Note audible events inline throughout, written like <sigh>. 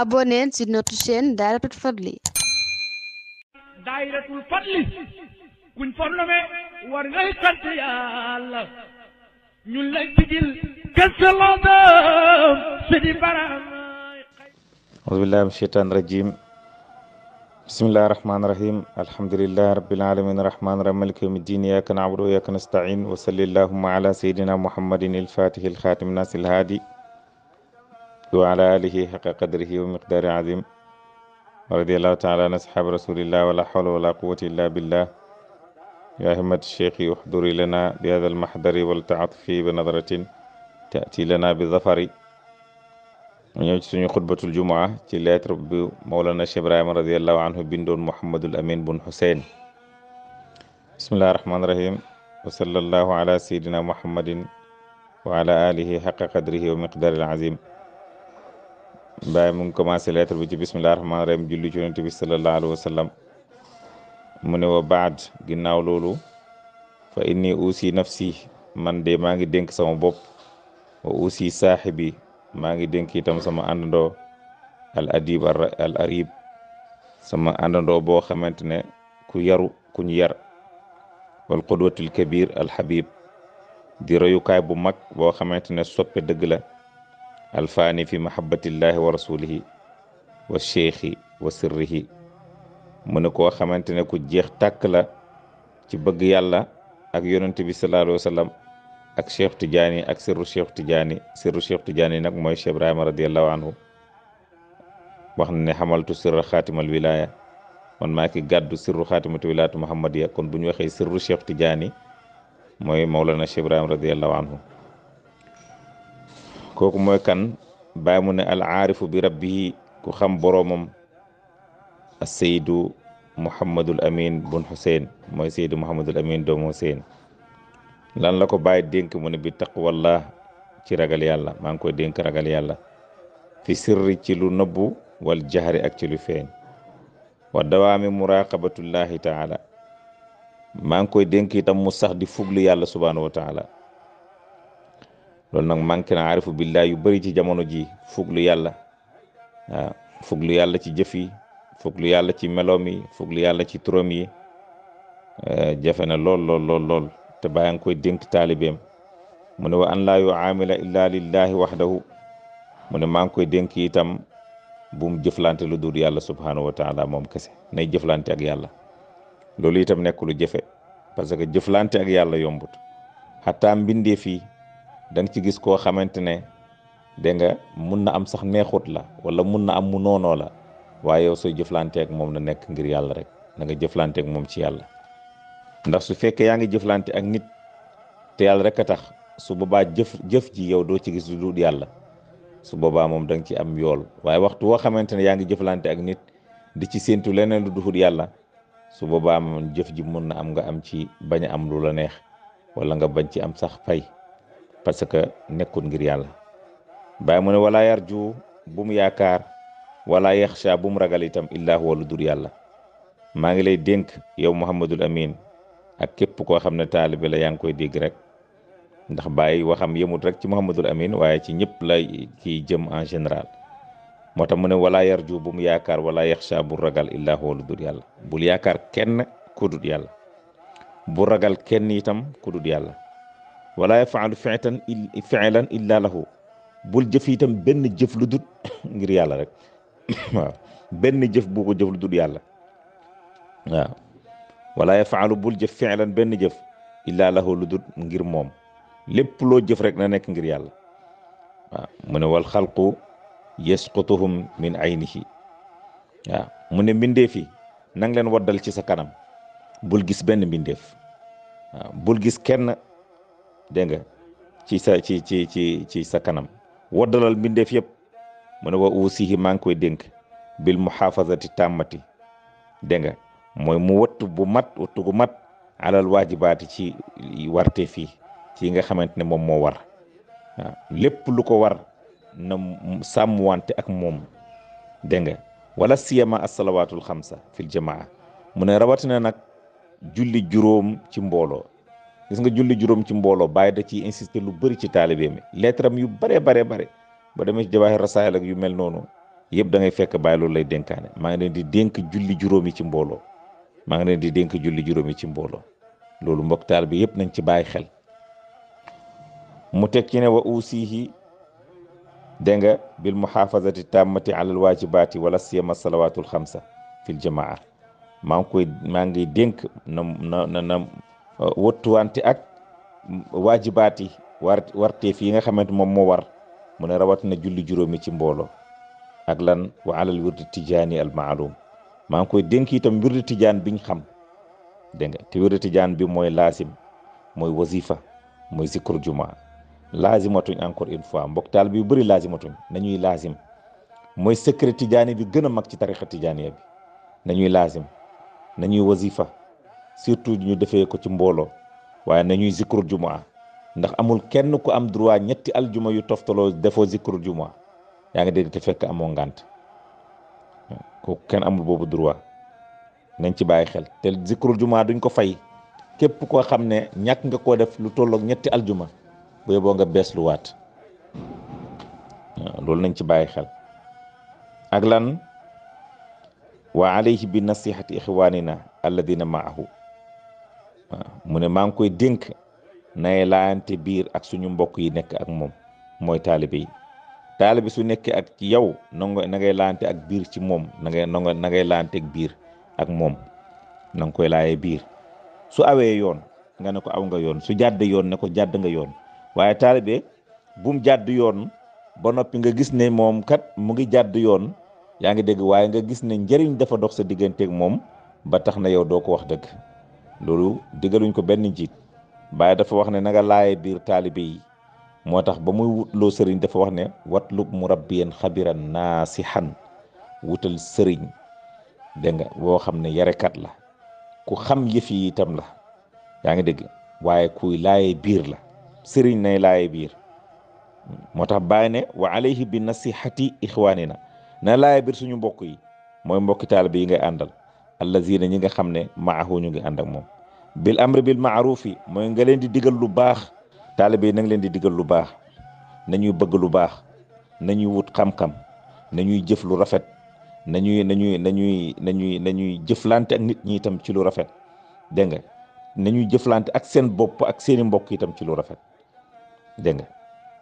abonnez sur notre chaîne Dahiratoul Fadly Dahiratoul Fadly kuñ fornome war ngay sant yàlla ñun lay tigil kësalaadam sidi baram auzubillahi min sheytaan rajim bismillahi rahmaani rahim alhamdulillahi rabbil alamin rahmaani rahim maliki yawmi ddin iyyaka na'budu wa iyyaka nasta'in wa salli allahumma ala sayyidina muhammadin il fatihi il khatim nasir il hadi wa ala alihi xaqa qadrihi wa miqdaari azim wa radiallahu taala an asxaabi rasulillah wala xawla wala quwata illa billah yaa himmat cheikhi uxduri lana bi hada almaxdari wal taatufi bi nadratin taati lana bi zafari ñëw ci suñu xutbatul jumaa ci lettre bu mawlana cheikh ibrahima radiallahu anhu bindoon muhammadul amin bun huseyn bismillahi rahmaani rahim wa sallallahu ala sayidina muhammadin wa ala alihi xaqa qadrihi wa miqdaari al azim Mbaye mu ngi commencé lettre bi ci bisimilah rahmaani rahim julli ci yonent bi sallallahu alayhi wa sallam mu ne wa baad ginnaaw loolu fa inni uusi nafsi man de maa ngi dénk sama bopp wa uusi saaxibi maa ngi dénk itam sama àndandoo al adib sama àndandoo boo xamante ne ku yaru ku ñu yar wal qudwatil kabir al habib di royukaay bu mag boo xamante ne soppe dëgg la. alfaani fi mahabbatillahi wa rasulihi wa cheikhi wa sirrihi mu ne koo xamante ne ku jeex tàkk la ci bëgg yàlla ak yonent bi sallallahu alayhi wa sallam ak cheikh Tidiane ak sirru cheikh Tidiane sirru nag mooy Cheikh Ibrahima radiyallahu anhu wax ne xamaltu sirra xaatimal wilaya man maa ki gàddu sirru xaatimatu wilaatu muhammadiya kon bu ñu waxee sirru cheikh Tidiane mooy Mawlana Cheikh Ibrahima radiyallahu anhu kooku mooy kan bàyyi mu ne al bi rabbihi ku xam boroomam a saydu muhammadul amin bun hussein mooy saydu muhammadul amin doomu hussein lan la ko bàyyi dénk mo ne bi taqwallah ci ragal yàlla maa ngi koy dénk ragal yàlla fi sirri ci lu nëbbu wal jahri ak ci lu feeñ wa dawaami muraqabatullahi taala maa ngi koy denki tam mu sax di fuglu yàlla subhanahu wa loolu nag manqué na arifu billaah yu bëri ci jamono ji fuglu yàlla waaw fuglu yàlla ci jëf yi fuglu yàlla ci meloom yi fuglu yàlla ci turam yi eh, jafe na lool lool lool te bàyyi nga koy dénk taalibeem mu ne wa an laa yu amila illa lillahi waxdahu mu ne maa ngi koy dénk itam bu mu lu dul yàlla subhanahu wa taala moom kese nay jëflante ak yàlla loolu itam nekk lu jafe parce que jëflante ak yàlla yombut xataa mbindee da nga ci gis koo xamante ne dégg nga mun na am sax neexut la wala mun na am mu noonoo la waaye yow sooy jëflanteeg moom na nekk ngir yàlla rek na nga jëflanteeg moom ci yàlla ndax su fekkee yaa ngi jëflante ak nit te yàlla rek a tax su boobaa jëf jëf ji yow doo ci gis lu dul yàlla su boobaa moom danga nga ci am yool waaye waxtu woo xamante ne yaa ngi jëflante ak nit di ci séentu leneen lu duhut yàlla su boobaa moom jëf ji mun na am nga am ci bañ a am lu la neex wala nga bañ ci am sax fay parce que nekkul ngir yàlla bàyyi mu ne wala yarju bu mu yaakaar wala yaxsha bu mu ragal itam illaa huwa lu yàlla maa ngi lay dénk yow Muhammadul Amin ak képp koo xam ne taalibe la yaa ngi koy dégg rek ndax bàyyi waxam yemut rek ci Muhammadul Amin waaye ci ñëpp la kiy jëm en général moo tax mu ne wala yarju bu mu yaakaar wala yaxsha bu ragal illaa huwa lu yàlla bul yaakaar kenn ku yàlla bu ragal kenn itam ku yàlla wala yafaalu fi'lan fi'lan illa lahu bul jëf itam benn jëf lu dut <coughs> ngir yàlla rek <coughs> waaw benn jëf bu ko jëf lu yàlla waaw wala yafaalu bul jëf fi'lan benn jëf illa lahu lu ngir moom lépp loo jëf rek na nekk ngir yàlla waaw mu ne wal xalqu yasqutuhum min aynihi waaw mu ne mbindeef yi nang leen waddal ci sa kanam bul gis benn mbindeef waaw bul gis kenn dégg nga ci sa ci ci ci ci sa kanam waddalal mbindeef yëpp mu ne wa uusihi maa ngi koy dénk bil muhaafazati tàmmati dégg nga mooy mu wattu bu mat wattu gu mat alal waajibaati ci warte fii ci nga xamante ne moom moo war waaw lépp lu ko war na sàmm wante ak moom dégg nga wala siyama asalawaatul xamsa fil jamaa mu ne rawatina nag julli juróom ci mbooloo gis nga julli juróom ci mbooloo bàyyi da ciy insister lu bëri ci taalibe mi lettre yu bare bare bare ba damay ci jawaahir rasaayil ak yu mel noonu yëpp da ngay fekk bàyyi loolu lay dénkaane maa ngi leen di dénk julli juróomi ci mbooloo maa ngi leen di dénk julli juróomi ci mbooloo loolu mbokk taalibe yëpp nañ ci bàyyi xel mu teg ci ne wa uusihi dégg nga bil muhaafazati tammati alal waajibaati wala siyama salawaatul xamsa fil jamaa maa ngi koy maa ngi dénk na na na Euh, wottuwante ak waajibaat yi war yi nga xamante moom moo war mu ne rawatina julli juróomi ci mbooloo ak lan wa alal wirdi tijaani al maalum maa ngi koy dénk itam wirdi tijaan biñ xam dégg nga te wirdi tijaan bi mooy laasim mooy wasifa mooy zikru juma laazimatuñ encore une fois mbokk bi yu bëri laazimatuñ nañuy laazim mooy secret tijaani bi gën a mag ci tarixa tijaaniya bi nañuy laazim nañuy wasifa surtout ñu defee ko ci mbooloo waaye nañuy zikrul jumaa ndax amul kenn ku am droit ñetti aljuma yu toftaloo defoo zikrul jumaa yaa ngi dégg te fekk amoon ngant ko kenn amul boobu droit nañ ci bàyyi xel te zikrul jumaa duñ ko fay képp koo xam ne ñàkk nga koo def lu tollook ñetti aljuma bu yeboo nga bees lu waat loolu nañ ci bàyyi xel ak lan wa alayhi bi nasihati ixwanina alladina maahu mu ne maa ngi koy dénk nay laayante biir ak suñu mbokk yi nekk ak moom mooy taalibe yi taalibe su nekkee ak yow na na ngay laayante ak biir ci moom na ngay na ngay laayante ak biir ak moom na nga koy laayee biir su awee yoon nga ne ko aw nga yoon su jàdd yoon ne ko jàdd nga yoon waaye taalibe bum jàdd yoon ba noppi nga gis ne moom kat mu ngi jàdd yoon yaa ngi dégg waaye nga gis ne njëriñ dafa dox sa digganteeg moom ba tax na yow doo ko wax dëgg loolu digaluñ ko benn njiit Baay dafa wax ne na nga biir taalibe yi moo tax ba muy wutloo sëriñ dafa wax ne watlub murabbiyan xabiran naasihan wutal sëriñ dégg nga boo xam ne yarekat la ku xam yëf yi itam la yaa ngi dégg waaye kuy laaye biir la sëriñ nay laaye biir moo tax baa ne wa alayhi bi nasihati ixwaanina na laaye biir suñu mbokk yi mooy mbokki taalibe yi ngay àndal allazina ñi nga xam ne maahu ñu ngi ànd ak moom bil amri bil maarufi mooy nga leen di digal lu baax taalibe yi na leen di digal lu baax nañuy bëgg lu baax nañuy wut xam-xam nañuy jëf lu rafet nañuy nañuy nañuy nañuy nañuy jëflante ak nit ñi itam ci lu rafet dégg nga nañuy jëflante ak seen bopp ak seeni mbokk itam ci lu rafet dégg nga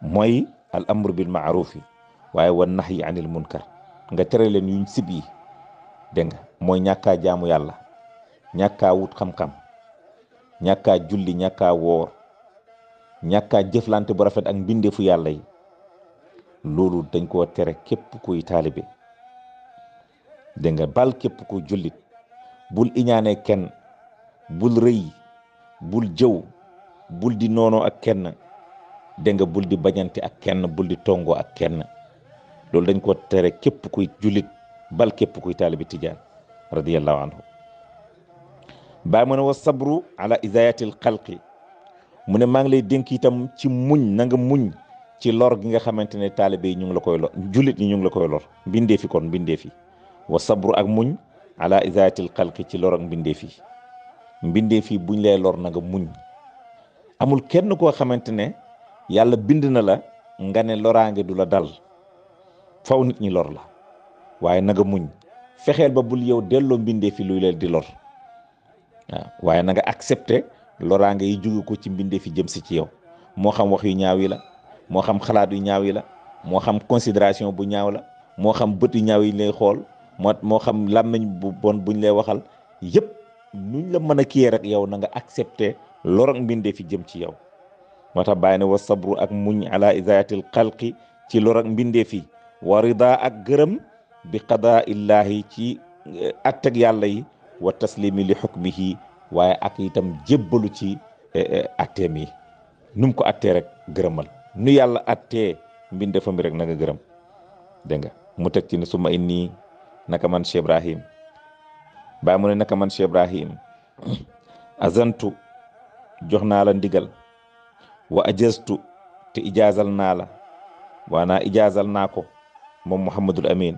mooy al amru bil maarufi waaye wan nahyi anil munkar nga tere leen yuñ sib yi dégg nga mooy ñàkkaa jaamu yàlla ñàkkaa wut xam-xam ñàkkaa julli ñàkkaa woor ñàkkaa jëflante bu rafet ak mbindeefu yàlla yi loolu dañ koo tere képp kuy taalibe dégg nga bal képp kuy jullit bul iñaane kenn bul rëy bul jëw bul di noonoo ak kenn dégg nga bul di bañante ak kenn bul di tongoo ak kenn loolu dañ ko tere képp kuy jullit bal képp kuy taalibe tijaan radiyallahu anhu baa mu ne wa sabru ala izayatil xalqi mu ne maa ngi lay dénk itam ci muñ na muñ ci lor gi nga xamante ne taalibe yi ñu ngi la koy lor jullit ñi ñu ngi la koy lor mbindee fi kon mbindee fi wa sabru ak muñ ala izayatil xalqi ci lor ak mbindee fi mbindee buñ lay lor na nga muñ amul kenn koo xamante ne yàlla bind na la ngane loraange du la dal faw nit ñi lor la waaye na nga muñ fexeel ba bul yow delloo mbindee fi luy leen di lor waaye na nga accepté loraange yi jóge ko ci mbindee fi jëm si ci yow moo xam wax yu ñaaw yi la moo xam xalaat yu ñaaw yi la moo xam considération bu ñaaw la moo xam bët yu ñaaw yi lay xool moo moo xam làmmiñ bu bon buñ lay waxal yëpp nuñ la mën a kiyee rek yow na nga accepté lorog mbindee fi jëm ci yow moo tax bàyyi ne wa sabru ak muñ ala idaatil xalqi ci lorog mbindee fi wa ak gërëm bi qadaa illahi ci eh, atteg yàlla yi wa taslimi li xukmihi waaye ak itam jébbalu ci eh, eh, atteem yi nu ko atte rek gërëmal nu yàlla attee mbindeefam bi rek na gërëm dégg nga mu teg ci ne suma inni naka man Cheikh Ibrahim bàyyi mu ne naka man Cheikh <clears throat> azantu jox naa la ndigal wa ajastu te ijaazal naa la waanaa ijaazal naa ko moom Muhammadul Amin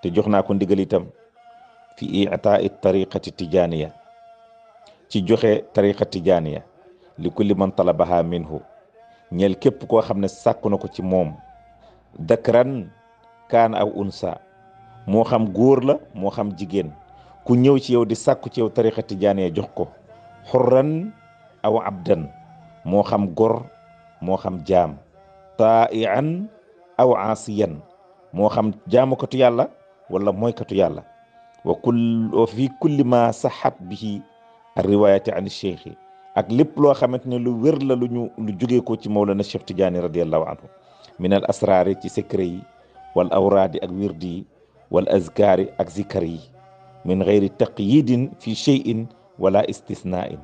te jox naa ko ndigal itam fi itaai tariqati tijaaniya ci joxe tariqa tijaaniya li kulli man talabaha minhu ñeel képp koo xam ne sàkku na ko ci moom dakran kaan aw unsa moo xam góor la moo xam jigéen ku ñëw ci yow di sàkku ci yow tariqa tijaaniya jox ko xurran aw abdan moo xam gor moo xam jaam taian aw aasiyan moo xam jaamukatu yàlla wala mooykatu yàlla wa kull wa fi kulli ma saxat bihi arriwayati an cheikhi ak lépp loo xamante ne lu wér la lu ñu lu jógee ko ci Mawlana Cheikh Tidiane radiallahu anhu min al asraari ci secret yi wal awraadi ak wirdi yi wal azkaari ak zikar yi min gayri taqyidin fi cheyin wala istisnain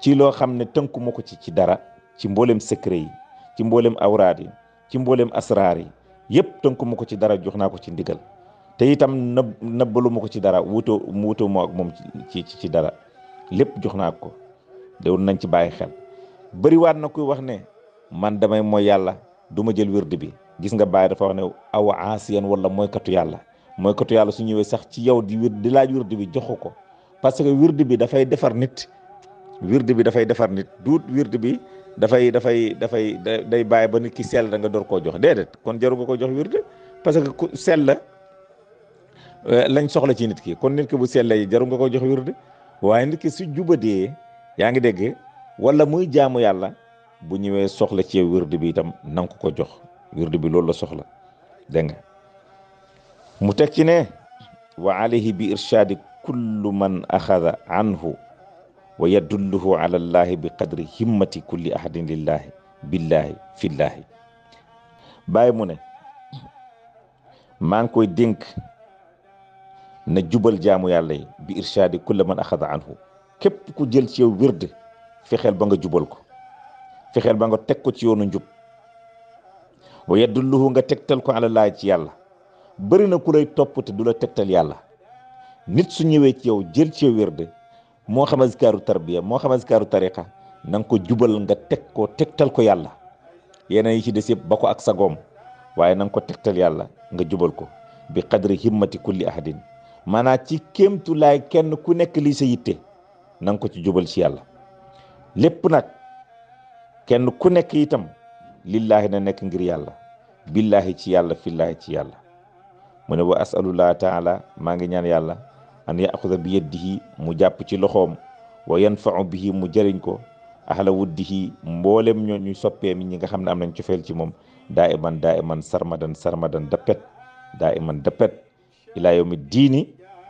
ci loo xam ne tënkuma ko ci ci dara ci mboolem secret yi ci mboolem awraad ci mboolem asraar yi yëpp tënkuma ko ci dara jox naa ko ci ndigal te itam nëb nëbbalu ko ci dara wutoo mu wutoo ak moom ci ci dara lépp jox naa ko dewul nañ ci bàyyi xel bëriwaat na kuy wax ne man damay mooy yàlla du ma jël wird bi gis nga bàyyi dafa wax ne aw aasiyan wala mooy katu yàlla mooy katu yàlla su ñëwee sax ci yow di wird di laaj wird bi jox ko parce que wird bi dafay defar nit wird bi dafay defar nit duut wird bi dafay dafay dafay day bàyyi ba nit ki sell da nga door koo jox déedéet kon jaru nga ko jox wird parce sell Euh, lañ soxla ci nit ki kon nit ki bu sellee jaru nga ko jox wird waaye nit ki su jubadee yaa ngi dégg wala muy jaamu yàlla bu ñëwee soxla ci wird bi itam na ko jox wird bi loolu soxla dégg nga mu teg ci ne wa alayhi bi irshaadi kullu man axada anhu wa yadulluhu ala allahi bi qadri himmati kulli ahadin lillahi billahi fillahi bàyyi mu ne maa ngi koy dénk na jubal jaamu yàlla yi bi irshaadi kulla man axada anhu képp ku jël ci yow fexeel ba nga jubal ko fexeel ba nga teg ko ci yoonu njub wa yaddulluhu nga tegtal ko ala laay ci yàlla bëri na ku lay topp du la tegtal yàlla nit su ñëwee ci yow jël ci yow moo xam askaaru tarbiya moo xam askaaru tariqa na nga ko jubal nga teg ko tegtal ko yàlla yeneen yi ci des yëpp ba ko ak sagoom waaye na nga ko tegtal yàlla nga jubal ko bi qadri himmati kulli ahadin maanaam ci kéemtu laay kenn ku nekk lii sa yitte na ko ci jubal ci yàlla lépp nag kenn ku nekk itam lillaahi na nekk ngir yàlla billaahi ci yàlla fillaahi ci yàlla mu ne wa asalullah taala maa ngi ñaan yàlla an yaxuda bi yeddihi mu jàpp ci loxoom wa yanfau bihi mu jëriñ ko ahla wuddihi mboolem ñoo ñu soppee mi ñi nga xam ne am nañ cofeel ci moom daa iman daa iman sarmadan sarmadan dappet daa iman dappet ila yawmi diini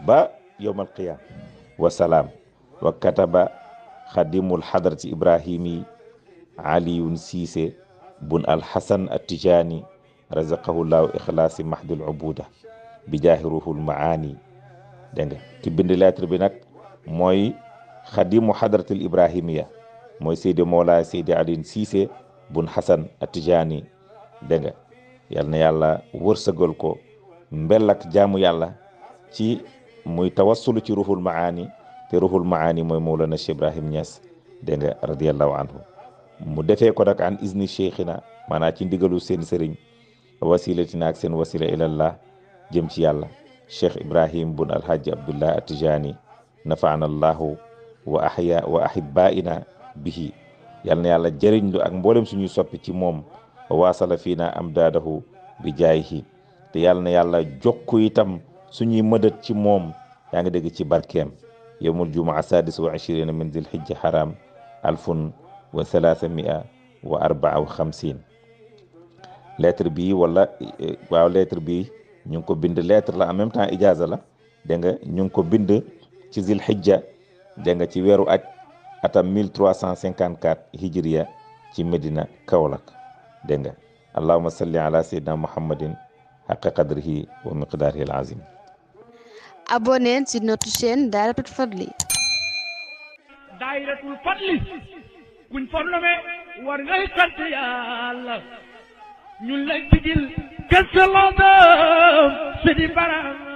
ba yawmal qiyaam wa salaam wa kataba xadimul xadrati ibrahimi aliyun siise bun alxasan attijaani razaqahu llahu ixlaasi mahdul ubuda bi jaahi ruhul maani dégg nga ki bind lettre bi nag mooy xadimu xadratil ibrahimiya mooy seydi moola seydi aliyun siise bun xasan attijaani dégg nga yal na yàlla wërsëgal ko mbel ak jaamu yàlla ci muy tawassulu ci ruhul maani te ruhul maani mooy Mawlana Cheikh Ibrahim Niass dégg nga anhu mu defee ko nag an izni cheikhina ci ndigalu seen sëriñ wasilatina ak seen wasila ilallah jëm ci yàlla cheikh ibrahim bun alhaji abdullah atijani nafaana allahu wa ahya wa ahibbaina bihi yal na yàlla jëriñ lu ak mboolem suñuy soppi ci moom wa waasala fiina amdaadahu bi jaayihi yàlla na yàlla jokku itam suñuy mëdët ci moom yaa ngi dégg ci barkeem yowmul jumaa sadis wa achirina min zil hijja haram alfun wa salaasa letre bi wala waaw letre bi ñu ngi ko bind letre la en même temps ijaza la dégg ñu ngi ko bind ci zil hijja dégg nga ci weeru aj atam 1354 hijriya ci Medina Kaolack dégg nga allahuma salli ala sayyidina muhammadin xaqa qadrihi wa miqdaarihi al azim abonnez ci notre chaîne Dahiratoul Fadly Dahiratoul Fadly kuñ fornome war ngay sant yàlla ñun lay digil gëstaloodam sidi baram